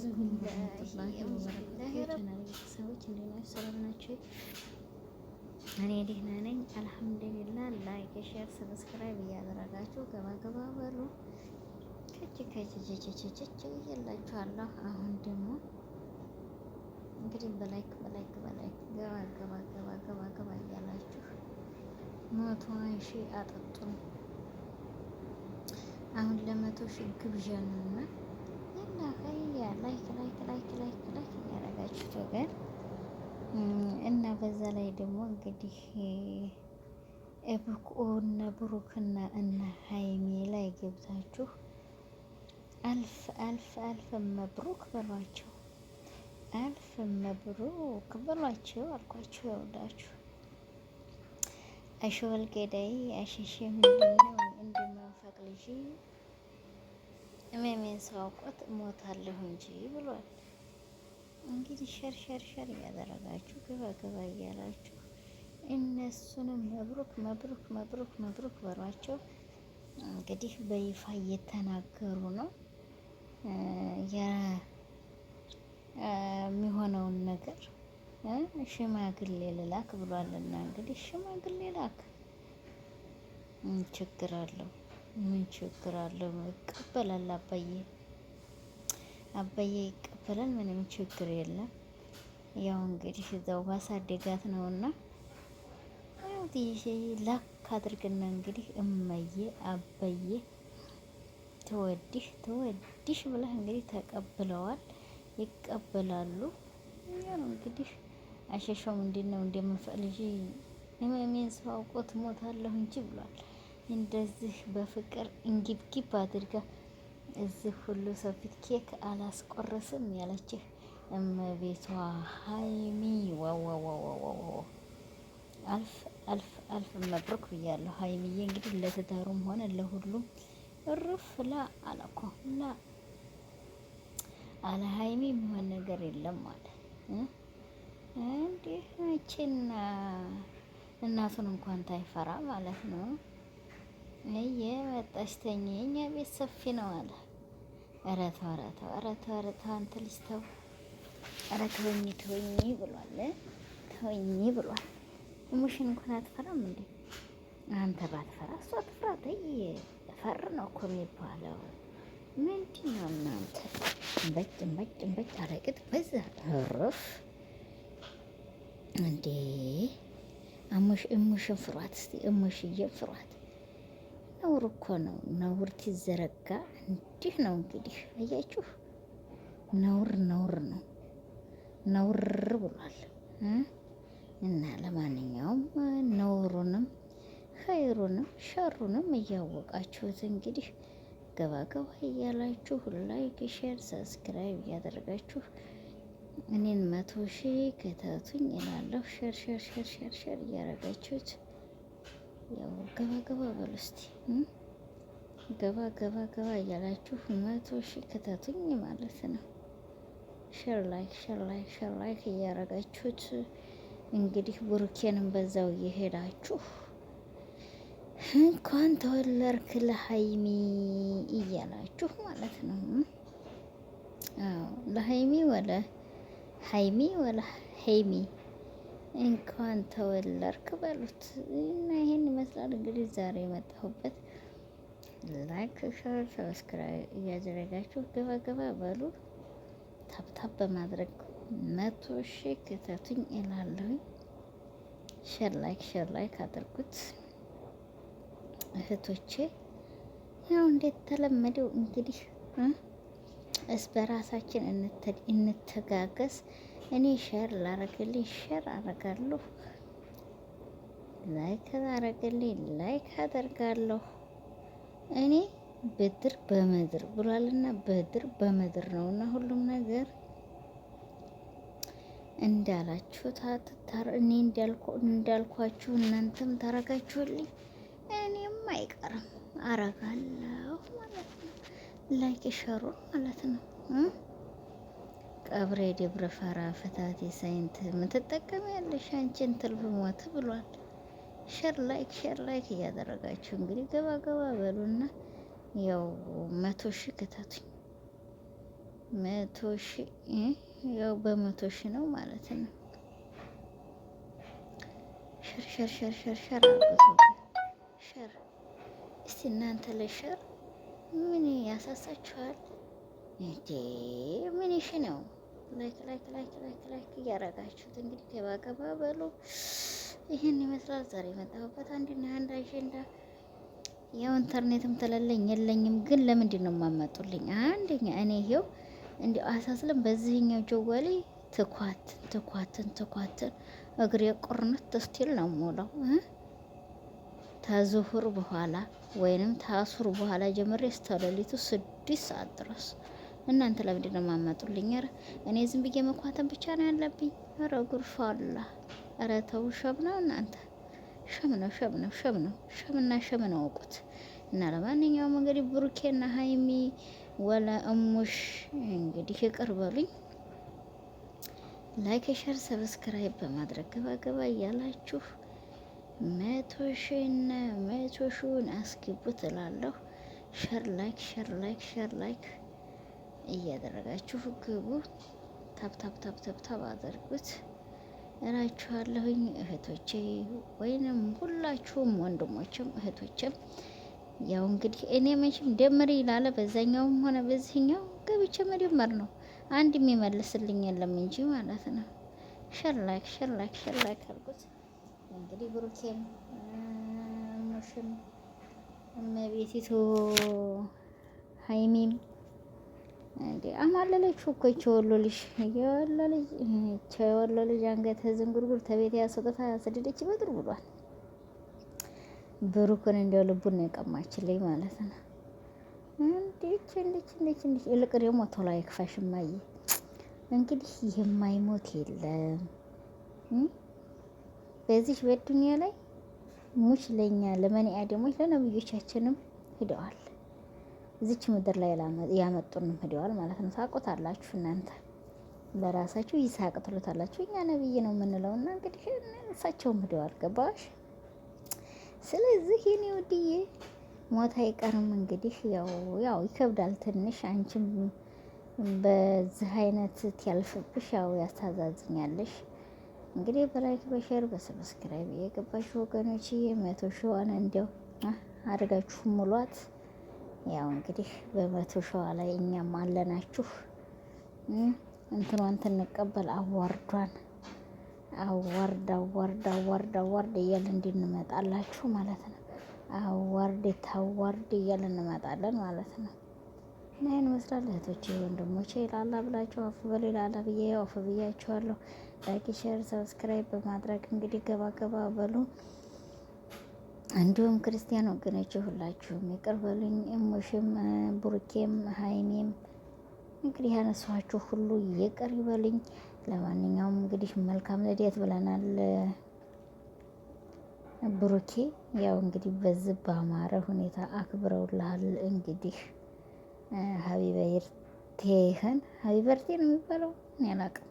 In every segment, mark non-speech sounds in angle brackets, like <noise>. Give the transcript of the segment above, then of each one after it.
ሰዎች እንዴት ናችሁ? ሰላም ናችሁ? እኔ ደህና ነኝ አልሐምዱሊላህ። ላይክ ሼር ሰብስክራይብ እያደረጋችሁ ገባ ገባ በሉ። ከች ከች ችችችች እያላችኋለሁ። አሁን ደግሞ እንግዲህ በላይክ በላይክ በላይክ ገባ ገባ ገባ ገባ ገባ እያላችሁ መቶዋን ሺህ አጠጡን። አሁን ለመቶ ሺህ ግብዣ ነውና ላይክ ላይክ ላይክ ላይክ ላይክ እያደረጋችሁት ወገን እና በዛ ላይ ደግሞ እንግዲህ እነ ብሩክና እና ሀይሜ ላይ ገብታችሁ አልፍ አልፍ አልፍ መብሩክ በሏቸው፣ አልፍ መብሩክ በሏቸው አልኳችሁ። ያውዳችሁ አሸወል ገዳይ አሸሸ ምንድነው እንደማንፈቅ ልጅ እመሜን ሰው ሞታለሁ እንጂ ብሏል። እንግዲህ ሸርሸርሸር እያደረጋችሁ ግባ ግባ እያላችሁ እነሱንም መብሩክ መብሩክ መብሩክ መብሩክ በሏቸው። እንግዲህ በይፋ እየተናገሩ ነው የሚሆነውን ነገር ሽማግሌ ልላክ ብሏልና እንግዲህ ሽማግሌ ላክ ችግር አለው። ምን ችግር አለው? ይቀበላል። አባዬ አባዬ ይቀበላል። ምንም ችግር የለም። ያው እንግዲህ እዛው ባሳደጋት ነውና ላክ አድርግና እንግዲህ እመዬ አባዬ ተወዲህ ተወዲህ ብለህ እንግዲህ ተቀብለዋል፣ ይቀበላሉ። ያው እንግዲህ አሸሻው ምንድን ነው እንደምንፈል ልጅ ሰው አውቆ ሞታለሁ እንጂ ብሏል። እንደዚህ በፍቅር እንግብግብ አድርጋ እዚህ ሁሉ ሰው ፊት ኬክ አላስቆረስም ያለችህ እመቤቷ ሀይሚ ዋዋዋዋዋ አልፍ አልፍ አልፍ መብሩክ ብያለሁ። ሀይሚዬ እንግዲህ ለትዳሩም ሆነ ለሁሉም እርፍ ላ አለኮ ላ አለ ሀይሚ የሚሆን ነገር የለም አለ እንዲህ እቺና እናቱን እንኳን ታይፈራ ማለት ነው። እየመጣች ተኝ የእኛ ቤት ሰፊ ነው አለ። ኧረ ተው ኧረ ተው ኧረ ተው ኧረ ተው አንተ ልጅ ተው ኧረ ተወኝ ተወኝ ብሏል ተወኝ ብሏል። ሙሽን እንኳን አትፈራም እንዴ አንተ ባትፈራ እሷ ትፍራ። ተይ ፈር ነው እኮ የሚባለው ምንድን ነው እናንተ እምበጭ እምበጭ እምበጭ አረቅት በዛ ርፍ እንዴ እሙሽ እሙሽን ፍሯት እሙሽዬን ፍሯት ነውር እኮ ነው። ነውር ሲዘረጋ እንዲህ ነው እንግዲህ አያችሁ፣ ነውር ነውር ነው ነውር ብሏል። እና ለማንኛውም ነውሩንም ኸይሩንም ሸሩንም እያወቃችሁት እንግዲህ ገባ ገባ እያላችሁ ላይክ፣ ሼር፣ ሰብስክራይብ እያደረጋችሁ እኔን መቶ ሺህ ክተቱኝ እላለሁ። ሸር ሸር ሸር ሸር ሸር እያደረጋችሁት ያው ገባ ገባ በሉ እስቲ ገባ ገባ ገባ እያላችሁ መቶ ሺህ ክተቱኝ ማለት ነው። ሸር ላይክ ሸር ላይክ ሸር ላይክ እያረጋችሁት እንግዲህ ብሩኬንም በዛው እየሄዳችሁ እንኳን ተወለርክ ለሀይሚ እያላችሁ ማለት ነው። አዎ ለሀይሚ ወለ ሀይሚ ወለ ሀይሚ እንኳን ተወለድክ በሉት እና ይሄን ይመስላል እንግዲህ ዛሬ የመጣሁበት። ላይክ ሸር፣ ሰብስክራይብ እያደረጋችሁ ገባ ገባ በሉ። ታብታብ በማድረግ መቶ ሺ ክተቱኝ እላለሁኝ። ሸር ላይክ ሸር ላይክ አድርጉት እህቶቼ። ያው እንዴት ተለመደው እንግዲህ እስ በራሳችን እንተጋገስ። እኔ ሸር ላረግልኝ ሸር አረጋለሁ። ላይክ አረግልኝ ላይክ አደርጋለሁ። እኔ ብድር በምድር ብሏልና ብድር በምድር ነው እና ሁሉም ነገር እንዳላችሁ እኔ እንዳልኳችሁ እናንተም ታረጋችሁልኝ፣ እኔም አይቀርም አረጋለሁ ማለት ነው። ላይክ ሸሩን ማለት ነው። ቀብሬ ደብረ ፈራ ፍታት የሳይንት የምትጠቀም ያለሽ አንቺን ትልፍ ሞት ብሏል። ሸር ላይክ ሸር ላይክ እያደረጋችሁ እንግዲህ ገባ ገባ በሉና ያው መቶ ሺ ክተቱኝ። መቶ ሺ ያው በመቶ ሺ ነው ማለት ነው። ሸር ሸር ሸር ሸር ሸር ሸር። እስቲ እናንተ ለሸር ምን ያሳሳችኋል እንዴ? ምን ይሽ ነው? ላይክ ላይክ ላይክ ላይክ ላይክ እያረጋችሁት እንግዲህ ገባገባ በሉ። ይህን ይመስላል ዛሬ የመጣሁበት አንድና አንድ አጀንዳ። ያው ኢንተርኔትም ትላለኝ የለኝም፣ ግን ለምንድን ነው የማመጡልኝ? አንደኛ እኔ ይሄው እንዲ አሳስለም በዚህኛው ጀዋሌ ትኳትን ትኳትን ትኳትን እግሬ ቁርነት ተስቲል ነው ሞላው ተዙሁር በኋላ ወይንም ታሱር በኋላ ጀምሬ እስከ ሌሊቱ ስድስት ሰዓት ድረስ እናንተ ለምንድን ነው የማመጡልኝ? ኧረ እኔ ዝም ብዬ መኳተን ብቻ ነው ያለብኝ። ኧረ ጉርፋላ! ኧረ ተው፣ ሸም ነው እናንተ፣ ሸም ነው፣ ሸም ነው፣ ሸም ነው፣ ሸምና ሸም ነው አውቁት። እና ለማንኛውም እንግዲህ ብሩኬና ሀይሚ ወለ እሙሽ እንግዲህ ይቅር በሉኝ። ላይክ፣ ሸር፣ ሰብስክራይብ በማድረግ ገባ እያላችሁ መቶ ሺህና መቶ ሺውን አስገቡ ትላለሁ። ሸር ላይክ ሸር ላይክ ሸር ላይክ እያደረጋችሁ ግቡ። ታብታብ ታብ አድርጉት እላችኋለሁኝ እህቶቼ፣ ወይንም ሁላችሁም ወንድሞችም እህቶችም። ያው እንግዲህ እኔ መቼም ደምሪ ይላለ በዛኛውም ሆነ በዚህኛው ገብቼ መደመር ነው። አንድ የሚመልስልኝ የለም እንጂ ማለት ነው። ሸላክ ሸላክ ሸላክ አድርጉት እንግዲህ ብሩኬም ሙሽም እመቤቲቱ ሀይሚም አማለለች እኮ ይቺ ወሎ ልጅ የወሎ ልጅ ይቺ ልጅ አንገት ዝንጉርጉር ተቤት ያስወጥታ ያሰደደች በጥር ብሏል። ብሩክን እንዲያው ልቡን ነው የቀማችልኝ ማለት ነው። እንዴች እንዴች እንዴች እንዴች ይልቅ ደግሞ ቶሎ አይክፋሽ እማዬ። እንግዲህ የማይሞት የለም በዚህ በዱንያ ላይ ሙች ለኛ ለመንያ ደሞች ለነብዮቻችንም ሂደዋል። እዚች ምድር ላይ ያመጡን ሂደዋል ማለት ነው። ታውቁታላችሁ እናንተ ለራሳችሁ ይስሐቅ ትሉታላችሁ፣ እኛ ነብይ ነው የምንለው እና እንግዲህ እሳቸውም ሂደዋል። ገባሽ? ስለዚህ የኔ ውድዬ ሞት አይቀርም እንግዲህ ያው ያው ይከብዳል ትንሽ አንቺም በዚህ አይነት ትያልፍብሽ ያው ያስታዛዝኛለሽ። እንግዲህ በላይክ በሸር በሰብስክራይብ የገባሽ ወገኖች መቶ ሺዋን እንዲያው አድርጋችሁ ሙሏት። ያው እንግዲህ በመቶ ሸዋ ላይ እኛም አለናችሁ። እንትኗን ትንቀበል አዋርዷን አዋርድ አዋርድ አዋርድ አዋርድ እያል እንድንመጣላችሁ ማለት ነው። አዋርድ ታዋርድ እያል እንመጣለን ማለት ነው። እና ይህን ይመስላል እህቶቼ ወንድሞቼ። ላላ ብላችሁ አፉ በሌላ ላላ ብዬ አፉ ብያችኋለሁ። ላይክ፣ ሼር፣ ሰብስክራይብ በማድረግ እንግዲህ ገባ ገባ በሉ። እንዲሁም ክርስቲያን ወገኖች ሁላችሁም ይቅር ሞሽም እሙሽም ቡርኬም ሀይሜም እንግዲህ ያነሷችሁ ሁሉ ይቅር ይበሉኝ። ለማንኛውም እንግዲህ መልካም ልደት ብለናል። ብሩኬ ያው እንግዲህ በዚህ በአማረ ሁኔታ አክብረውልሃል። እንግዲህ ሀቢበርቴህን ሀቢበርቴ ነው የሚባለው እኔ አላቅም።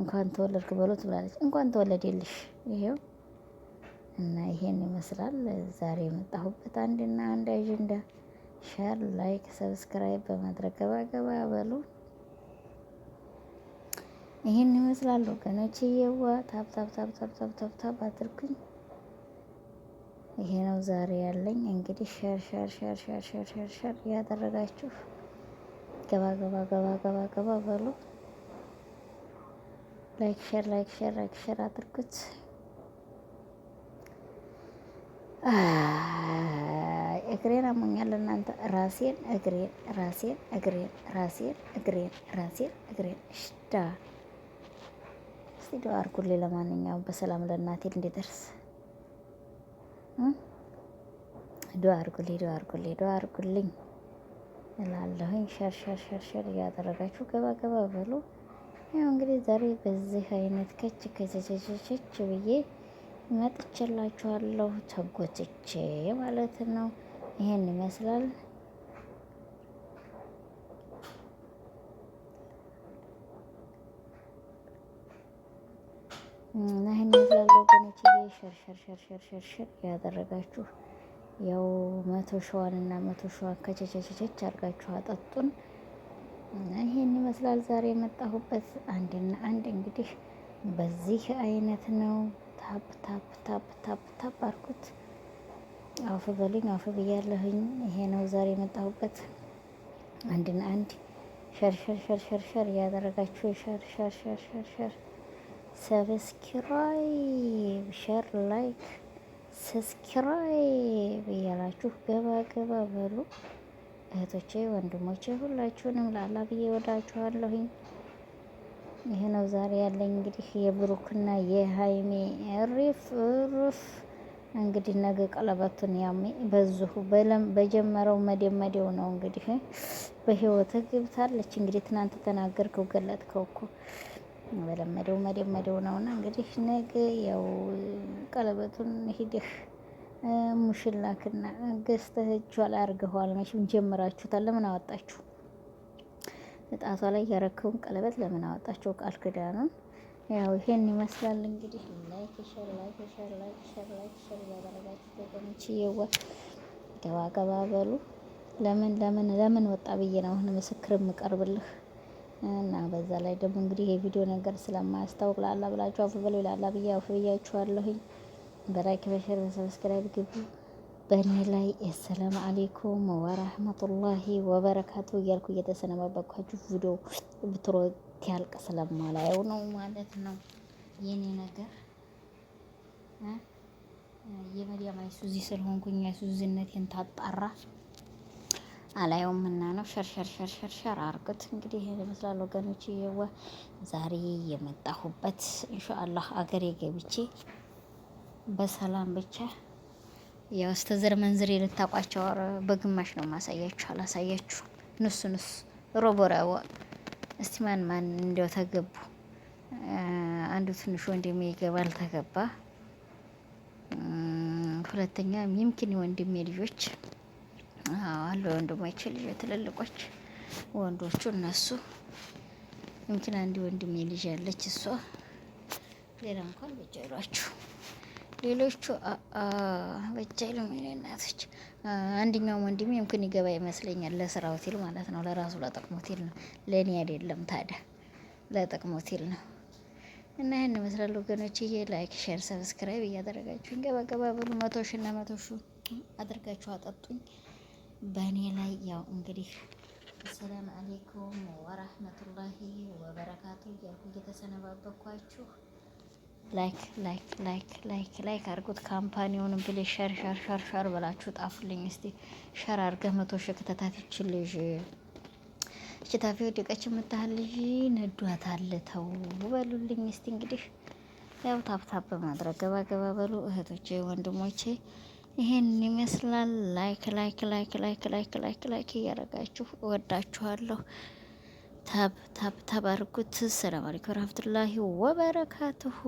እንኳን ተወለድክ በሉት ብላለች። እንኳን የልሽ ይሄው እና ይሄን ይመስላል ዛሬ የመጣሁበት አንድና አንድ አጀንዳ። ሸር፣ ላይክ፣ ሰብስክራይብ በማድረግ ገባገባ በሉ። ይህን ይመስላል ወገኖች። እየዋ ታብ ታብ ታብ ታብ ታብ ታብ ታብ አድርጉኝ። ይሄ ነው ዛሬ ያለኝ እንግዲህ። ሸር ሸር ሸር ሸር ሸር ሸር ሸር ያደረጋችሁ ገባ ገባ ገባ ገባ ገባ በሉ። ላይክ ሸር ላይክ ሸር ላይክ ሸር አድርጉት። <sighs> እግሬን አሞኛል። እናንተ ራሴን እግሬን ራሴን እግሬን ራሴን እግሬን ራሴን እግሬን እሽዳ ስቱዲዮ አርጉሌ። ለማንኛውም በሰላም ለእናቴ እንዲደርስ ዶ አርጉሌ፣ ዶ አርጉሌ፣ ዶ አርጉልኝ እላለሁኝ። ሸር ሸር እያደረጋችሁ ገባ ገባ በሉ። ያው እንግዲህ ዛሬ በዚህ አይነት ከች ከቸቸቸች ብዬ መጥቼላችኋለሁ ተጎትቼ ማለት ነው። ይሄን ይመስላል። ይህን ይመስላል ወገኖች። ሸር ሸር ሸር ሸር ሸር ሸር ያደረጋችሁ ያው መቶ ሸዋን እና መቶ ሸዋን ከቸቸቸቸች አድርጋችሁ አጠጡን። ይሄን ይመስላል ዛሬ የመጣሁበት አንድና አንድ እንግዲህ በዚህ አይነት ነው። ታፕ ታፕ ታፕ ታፕ ታፕ አርኩት። አውፍ በሉኝ አውፍ ብያለሁኝ። ይሄ ነው ዛሬ የመጣሁበት። አንድና አንድ ሸርሸር ሸርሸር ሸር እያደረጋችሁ ሸርሸር ሸርሸር ሸር ሰብስክራይብ ሸር ላይክ ሰብስክራይብ እያላችሁ ገባ ገባ በሉ እህቶቼ ወንድሞቼ፣ ሁላችሁንም ላላ ብዬ ወዳችኋለሁኝ። ይሄ ነው ዛሬ ያለ እንግዲህ የብሩክና የሀይሚ ሪፍ ሩፍ እንግዲህ ነገ ቀለበቱን ያሜ በዙሁ በለም በጀመረው መደመዴው ነው እንግዲህ በህይወት ግብታለች። እንግዲህ ትናንት ተናገርከው ገለጥከው እኮ በለመደው መደመዴው ነውና እንግዲህ ነገ ያው ቀለበቱን ሂደህ ሙሽላክና ገዝተህ እጇል አድርገኸዋል። መቼም ጀምራችሁታል። ለምን አወጣችሁ? ጣቷ ላይ ያረከውን ቀለበት ለምን አወጣቸው? ቃል ክዳኑን ያው ይሄን ይመስላል እንግዲህ። ላይክ ሸር፣ ላይክ ሸር፣ ላይክ ሸር፣ ላይክ ሸር እያደረጋችሁ ወገኖች እየዋ ገባ ገባ በሉ። ለምን ለምን ለምን ወጣ ብዬ ነው አሁን ምስክር የምቀርብልህ እና በዛ ላይ ደግሞ እንግዲህ የቪዲዮ ነገር ስለማያስታውቅ ላላ ብላችሁ አፍ በሉ ላላ ብዬ አፍ ብያችኋለሁኝ። በላይክ በሸር በሰብስክራይብ ግቡ። በእኔ ላይ አሰላም አሌይኩም ወራህመቱላሂ ወበረካቱ እያልኩ እየተሰነባበኳችሁ ቪዲዮ ብትሮ ያልቅ ስለማላየው ነው ማለት ነው። የኔ ነገር የመዲያም አይሱዚ ስለሆንኩኝ አይሱዚነቴን ታጣራ አላየው ምና ነው ሸርሸርሸርሸርሸር አርግት እንግዲህ ይሄን ይመስላል ወገኖች። የወ ዛሬ የመጣሁበት ኢንሻአላህ አገሬ ገብቼ በሰላም ብቻ ያው እስተ ዘር መንዝሬ ልታውቋቸው በግማሽ ነው ማሳያችሁ፣ አላሳያችሁ ንሱ ንሱ ሮቦራዎ እስቲ ማን ማን እንዲያው ተገቡ። አንዱ ትንሹ ወንድሜ ይገባል ተገባ። ሁለተኛ ሚምኪን ወንድሜ ልጆች አሉ፣ ወንድሞቼ ልጆች ትልልቆች ወንዶቹ እነሱ ሚምኪን አንድ ወንድሜ ልጅ ያለች እሷ ሌላ እንኳን ልጅ ይሏችሁ ሌሎቹ ብቻ ይሉሚናቶች አንድኛው ወንድሜ የምኩን ይገባ ይመስለኛል። ለስራው ሲል ማለት ነው፣ ለራሱ ለጥቅሙ ሲል ነው፣ ለእኔ አይደለም። ታዲያ ለጥቅሙ ሲል ነው። እና ይህን ይመስላል ወገኖች። ይሄ ላይክ፣ ሼር፣ ሰብስክራይብ እያደረጋችሁ ገባ ገባ ብሉ። መቶ ሺ እና መቶ ሺ አድርጋችሁ አጠጡኝ በእኔ ላይ ያው እንግዲህ አሰላም አሌይኩም ወራህመቱላሂ ወበረካቱ እያልኩ እየተሰነባበኳችሁ ላይክ ላይክ ላይክ ላይክ ላይክ አድርጉት። ካምፓኒውን ብል ሸር ሸር ሸር ሸር ብላችሁ ጣፉልኝ እስቲ። ሸር አድርገህ መቶ ሺህ ክተታትች ልጅ እችታፊ ወደቀች የምታህል ልጅ ነዷታል። ተው በሉልኝ እስቲ። እንግዲህ ያው ታብታብ በማድረግ ገባ ገባ በሉ እህቶቼ ወንድሞቼ፣ ይሄን ይመስላል። ላይክ ላይክ ላይክ ላይክ ላይክ ላይክ ላይክ እያደረጋችሁ እወዳችኋለሁ። ታብ ታብ ታብ አድርጉት። ሰላም አለይኩም ወረህመቱላሂ ወበረካቱሁ።